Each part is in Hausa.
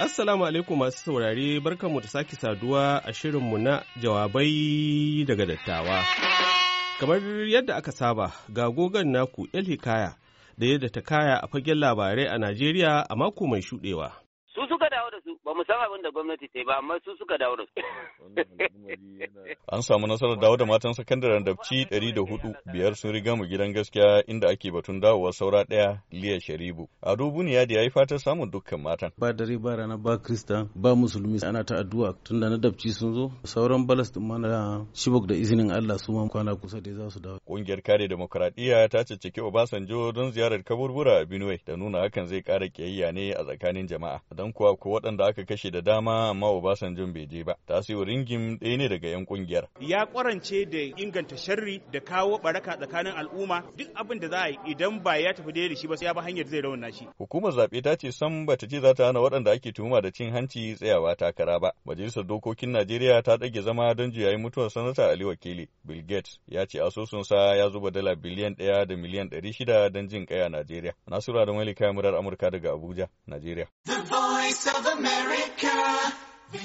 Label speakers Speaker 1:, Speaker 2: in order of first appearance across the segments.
Speaker 1: Assalamu alaikum masu saurare barkanmu da sake saduwa a shirin mu na jawabai daga dattawa. Kamar yadda aka saba ga gogon naku El Hikaya da yadda ta kaya a fagen labarai a Najeriya a mako mai shuɗewa. su suka dawo da su ba mu san abin da gwamnati ta yi ba amma su suka dawo da su
Speaker 2: an samu nasarar dawo da matan sakandaren dabci hudu biyar sun riga mu gidan gaskiya inda ake batun dawowa saura daya liya sharibu a dubuni ya da yi fatar samun dukkan matan ba dare ba
Speaker 1: rana ba krista ba musulmi ana ta addu'a da na dabci sun zo sauran balas din mana shibok da izinin Allah su ma kwana kusa da za
Speaker 2: su dawo ƙungiyar kare demokradiyya ta caccaki Obasanjo don ziyarar kaburbura a Benue da nuna hakan zai kara kiyayya ne a tsakanin jama'a dan kuwa ko waɗanda aka kashe da dama amma Obasanjo bai je ba. Tasiu Ringim ɗaya ne daga 'yan ƙungiyar.
Speaker 1: Ya kwarance da inganta sharri da kawo baraka tsakanin al'umma duk abin da za a yi idan ba ya tafi daidai da shi ba sai ya ba hanyar zai rauna shi.
Speaker 2: Hukumar zaɓe ta ce sam bata ce za ta hana waɗanda ake tuhuma da cin hanci tsayawa takara ba. Majalisar Dokokin Najeriya ta ɗage zama don juyayin mutuwar sanata Ali Wakili. Bill Gates ya ce asusunsa ya zuba dala biliyan ɗaya da miliyan ɗari shida don jin ƙaya Najeriya. Nasiru Adamu Malika Murar Amurka daga Abuja, Najeriya. The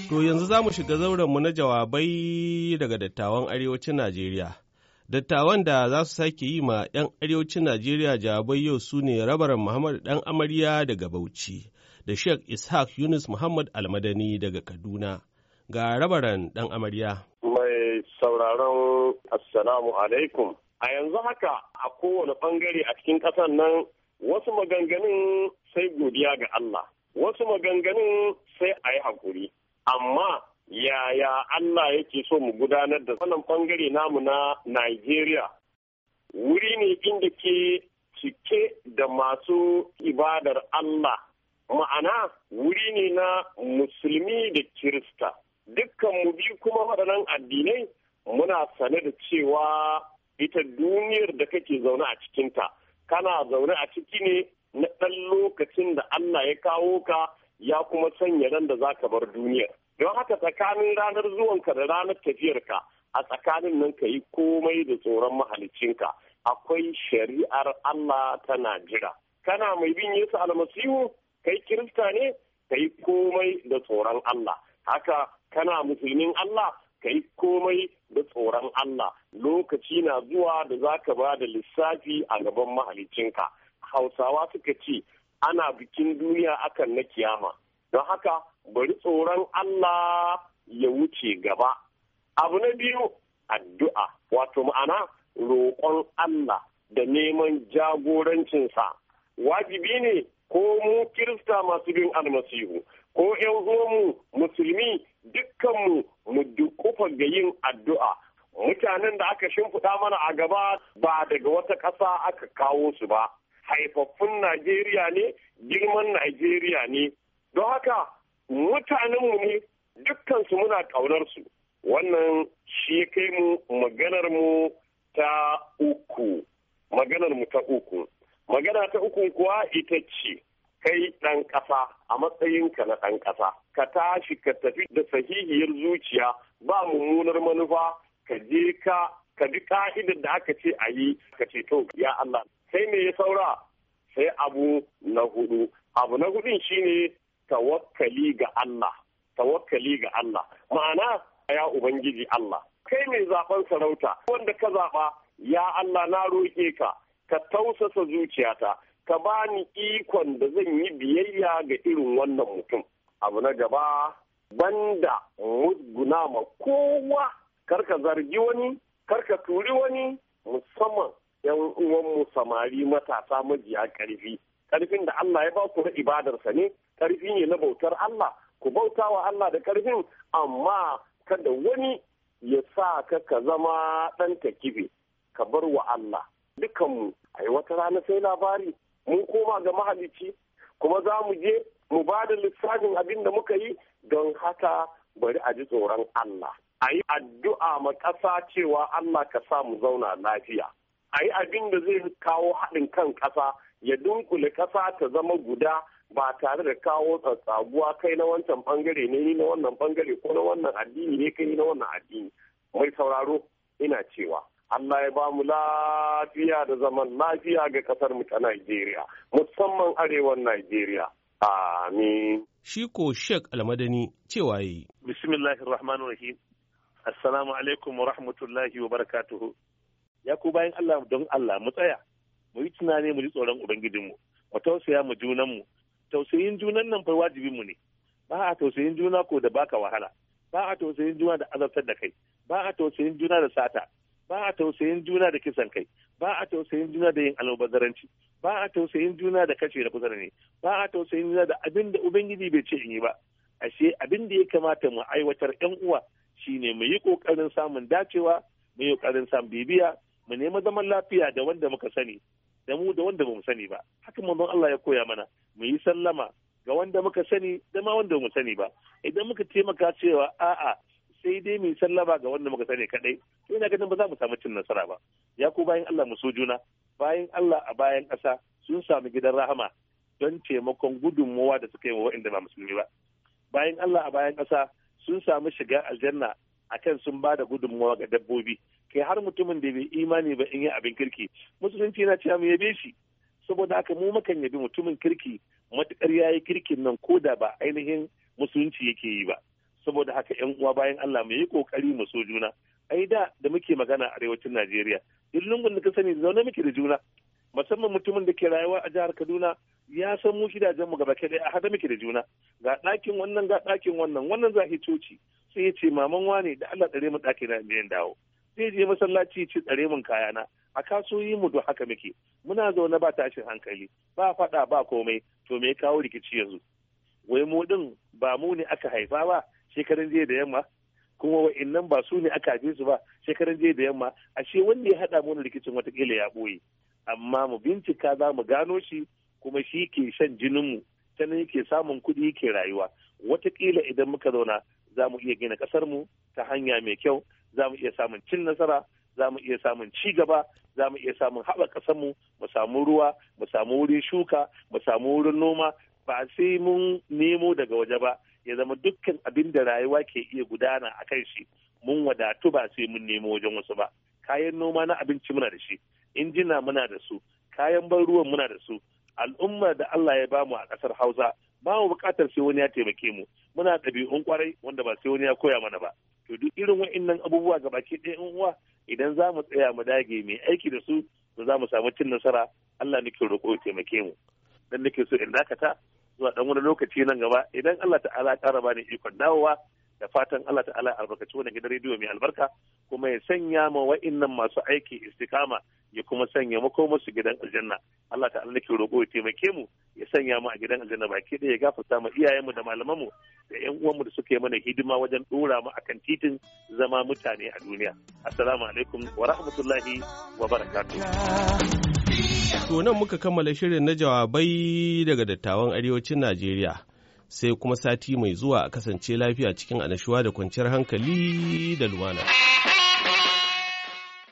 Speaker 2: To yanzu za mu shiga zaurenmu na
Speaker 1: jawabai daga dattawan arewacin Najeriya. Dattawan da za su sake yi ma 'yan arewacin Najeriya jawabai yau su ne rabaran Muhammad ɗan amarya daga Bauchi da Sheikh Ishaq Yunus Muhammad Almadani daga Kaduna. Ga rabaran ɗan amarya.
Speaker 3: Mai sauraron Assalamu alaikum. A yanzu haka a kowane ɓangare a cikin ƙasar nan wasu maganganun sai godiya ga Allah. wasu maganganun sai a yi hakuri amma
Speaker 2: yaya
Speaker 3: Allah yake so mu gudanar da wannan bangare namu na Najeriya wuri ne inda ke cike da masu ibadar Allah ma'ana wuri ne na musulmi da kirista dukkan mu biyu kuma waɗannan addinai muna sane da cewa ita duniyar da kake zaune a cikinta kana zaune a ciki ne na ɗan lokacin da Allah ya kawo ka ya kuma sanya ran da za ka bar duniyar. Don haka tsakanin ranar zuwanka da ranar tafiyarka a tsakanin nan ka yi komai da tsoron mahalicinka akwai shari'ar Allah tana jira. Kana mai bin Yesu almasihu kai kirista ne ka yi komai da tsoron Allah. Haka kana musulmin Allah ka yi komai da tsoron Allah lokaci na zuwa da za ka ba da lissafi a gaban mahalicinka. hausawa suka ce ana bikin duniya akan na kiyama don haka bari tsoron Allah ya wuce gaba abu na biyu addu'a wato ma'ana roƙon Allah da neman jagorancinsa wajibi ne ko mu kirista masu bin almasihu ko yan uwanmu musulmi dukkanmu mu dukkufa ga yin addu'a mutanen da aka shimfiɗa mana a gaba ba daga wata ƙasa aka kawo su ba haifaffun Najeriya ne girman Najeriya ne don haka mutanenmu ne dukkansu muna ƙaunarsu wannan shi kai mu maganar mu ta uku maganar mu ta uku magana ta uku kuwa ita ce kai ɗan ƙasa a matsayinka na ɗan ƙasa ka tashi ka tafi da sahihiyar zuciya ba mummunar manufa ka je ka ka bi ka'idar da aka ce a yi ka ce to ya Allah sai me ya saura sai abu na hudu abu na hudun shine tawakkali ga Allah tawakkali ga Allah ma'ana ya ubangiji Allah kai mai zaben sarauta wanda ka zaba ya Allah na roƙe ka ka tausasa zuciyata ka bani ikon da zan yi biyayya ga irin wannan mutum abu na gaba banda musguna ma kowa karka zargi wani karka turi wani musamman yan uwanmu samari matasa majiya ƙarfi ƙarfin da Allah ya ba ku na ibadarsa ne ƙarfi ne na bautar Allah ku bauta wa Allah da ƙarfin amma kada wani ya sa ka ka zama ɗan takibe ka bar wa Allah dukanmu a yi wata rana sai labari mun koma ga mahalicci kuma za mu je mu ba da lissafin abin da muka yi don haka bari a ji tsoron Allah a yi addu'a ma ƙasa cewa Allah ka sa mu zauna lafiya a yi abin da zai kawo haɗin kan ƙasa ya dunkule ƙasa ta zama guda ba tare da kawo tsatsaguwa kai na wancan bangare ne ni na wannan bangare ko na wannan addini ne kai na wannan addini mai sauraro ina cewa Allah ya ba mu lafiya da zaman lafiya ga kasar mu ta Najeriya musamman arewan Najeriya amin
Speaker 1: shi ko shek Almadani cewa yi
Speaker 3: bismillahir rahmanir rahim
Speaker 4: assalamu alaikum wa rahmatullahi wa barakatuhu ya ku bayan Allah don Allah mu tsaya mu yi tunani mu ji tsoron ubangijinmu mu tausaya mu junanmu tausayin junan nan fa mu ne ba a tausayin juna ko da baka wahala ba a tausayin juna da azabtar da kai ba a tausayin juna da sata ba a tausayin juna da kisan kai ba a tausayin juna da yin almubazzaranci ba a tausayin juna da kashe da kusa ne ba a tausayin juna da abin da ubangiji bai ce in yi ba ashe abin da ya kamata mu aiwatar yan uwa shine mu yi kokarin samun dacewa mu yi kokarin samun bibiya mu nema zaman lafiya da wanda muka sani da mu da wanda bamu sani ba
Speaker 1: haka manzon Allah ya koya
Speaker 4: mana mu yi sallama ga wanda muka sani da ma wanda bamu sani ba idan muka taimaka cewa a'a sai dai mu yi sallama ga wanda muka sani kadai to ina ganin ba za mu samu cin nasara ba ya ku bayan Allah mu so juna bayan Allah a bayan ƙasa sun samu gidan rahama don taimakon gudunmowa da suka yi wa waɗanda ba musulmi ba bayan Allah a bayan ƙasa sun samu shiga aljanna akan sun ba da gudunmowa ga dabbobi kai har mutumin da bai imani ba in yi abin kirki musulunci na cewa mu yabe shi saboda haka mu mukan yabi mutumin kirki matukar yayi kirkin nan ko da ba ainihin musulunci yake yi ba saboda haka yan uwa bayan Allah mu yi kokari mu so juna ai da da muke magana a arewacin Najeriya duk lungun da ka sani zaune muke da juna musamman mutumin da ke rayuwa a jihar Kaduna ya san mu mu gaba dai a hada muke da juna ga ɗakin wannan ga ɗakin wannan wannan za coci sai ya ce maman wane da Allah dare mu ɗaki na inda dawo zai je masallaci ci tsare mun kayana a kasoyi mu duk haka muke muna zaune ba tashin hankali ba faɗa ba komai to me kawo rikici yanzu wai mu din ba mu ne aka haifa ba shekaran jiya da yamma kuma wa'annan ba su ne aka haife su ba shekaran jiya da yamma ashe wanda ya haɗa mu rikicin watakila ya ɓoye amma mu bincika za mu gano shi kuma shi ke shan jininmu sannan yake samun kuɗi yake rayuwa watakila idan muka zauna za mu iya gina mu ta hanya mai kyau za mu iya samun cin nasara za mu iya samun ci gaba za mu iya samun haɓa ƙasarmu mu samu ruwa mu samu wurin shuka mu samu wurin noma ba sai mun nemo daga waje ba ya zama dukkan abin da rayuwa ke iya gudana a kan shi mun wadatu ba sai mun nemo wajen wasu ba kayan noma na abinci muna da shi injina muna da su kayan ban ruwan muna da su al'umma da Allah ya bamu a ƙasar Hausa ba mu buƙatar sai wani ya taimake mu muna ɗabi'un kwarai wanda ba sai wani ya koya mana ba to duk irin wa'annan abubuwa ga baki ɗaya uwa idan za mu tsaya mu dage mai aiki da su to za mu samu cin nasara Allah nake roƙo ya taimake mu dan nake so in dakata zuwa dan wani lokaci nan gaba idan Allah ta'ala ya ƙara bani ikon dawowa da fatan Allah ta'ala albarkaci wannan gidan rediyo mai albarka kuma ya sanya ma wa'annan masu aiki istikama ya kuma sanya su gidan aljanna Allah ta'ala nake roƙo ya taimake mu ya sanya mu a gidan aljanna baki ɗaya ya gafarta mu iyayenmu da mu da ƴan uwanmu da suka suke mana hidima wajen ɗora mu akan titin zama mutane a duniya assalamu alaikum wa rahmatullahi wa barakatuh
Speaker 1: to nan muka kammala shirin na jawabai daga dattawan arewacin Najeriya sai kuma sati mai zuwa a kasance lafiya cikin annashuwa da kwanciyar hankali da lumana.